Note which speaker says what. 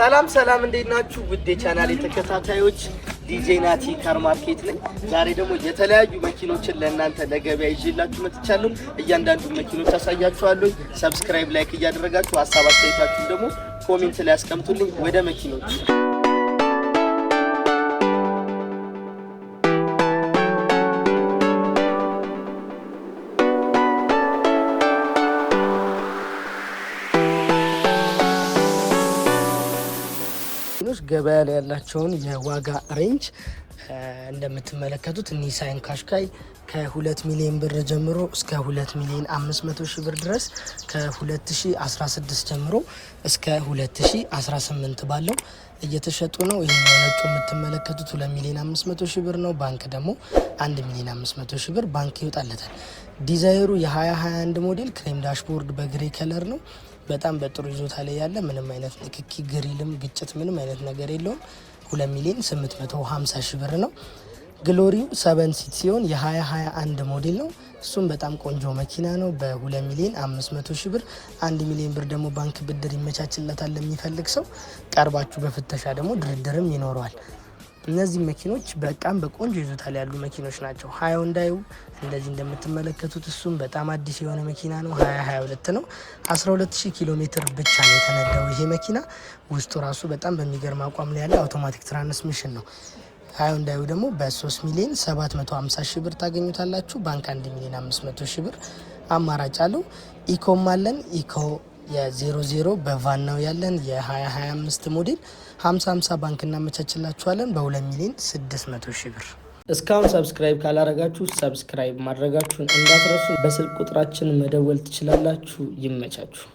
Speaker 1: ሰላም ሰላም፣ እንዴት ናችሁ? ውዴ ቻናል ተከታታዮች ዲጄ ናቲ ካር ማርኬት ነኝ። ዛሬ ደግሞ የተለያዩ መኪኖችን ለእናንተ ለገበያ ይዤላችሁ መጥቻለሁ። እያንዳንዱ መኪኖች አሳያችኋለሁ። ሰብስክራይብ፣ ላይክ እያደረጋችሁ ሀሳብ አስተያየታችሁን ደግሞ ኮሜንት ላይ አስቀምጡልኝ ወደ መኪኖች
Speaker 2: ገበያ ላይ ያላቸውን የዋጋ ሬንጅ እንደምትመለከቱት ሳይን ካሽካይ ከ2 ሚሊዮን ብር ጀምሮ እስከ 2 ሚሊዮን 500 ሺህ ብር ድረስ ከ2016 ጀምሮ እስከ 2018 ባለው እየተሸጡ ነው። ይህ ነጩ የምትመለከቱት 2 ሚሊዮን 500 ሺህ ብር ነው። ባንክ ደግሞ 1 ሚሊዮን 500 ሺህ ብር ባንክ ይወጣለታል። ዲዛይሩ የ2021 ሞዴል ክሬም ዳሽቦርድ በግሬ ከለር ነው። በጣም በጥሩ ይዞታ ላይ ያለ ምንም አይነት ንክኪ፣ ግሪልም፣ ግጭት ምንም አይነት ነገር የለውም። 2 ሚሊዮን 850 ሺህ ብር ነው። ግሎሪው 7 ሲት ሲሆን የ2021 ሞዴል ነው። እሱም በጣም ቆንጆ መኪና ነው። በ2 ሚሊዮን 500 ሺህ ብር፣ 1 ሚሊዮን ብር ደግሞ ባንክ ብድር ይመቻችለታል ለሚፈልግ ሰው። ቀርባችሁ በፍተሻ ደግሞ ድርድርም ይኖረዋል። እነዚህ መኪኖች በጣም በቆንጆ ይዞታል ያሉ መኪኖች ናቸው። ሀያ ወንዳዩ እንደዚህ እንደምትመለከቱት እሱም በጣም አዲስ የሆነ መኪና ነው። ሀያ ሀያ ሁለት ነው። 120 ኪሎ ሜትር ብቻ ነው የተነዳው ይሄ መኪና። ውስጡ ራሱ በጣም በሚገርም አቋም ላይ ያለ አውቶማቲክ ትራንስሚሽን ነው። ሀያ ወንዳዩ ደግሞ በ3 ሚሊዮን 750 ሺህ ብር ታገኙታላችሁ። ባንክ 1 ሚሊዮን 500 ሺህ ብር አማራጭ አለው። ኢኮም አለን ኢኮ የ00 በቫን ነው ያለን የ2025 ሞዴል 5050 ባንክ እናመቻችላችኋለን በ2 ሚሊዮን 600 ሺህ ብር።
Speaker 3: እስካሁን ሰብስክራይብ ካላረጋችሁ ሰብስክራይብ ማድረጋችሁን እንዳትረሱ። በስልክ ቁጥራችን መደወል ትችላላችሁ። ይመቻችሁ።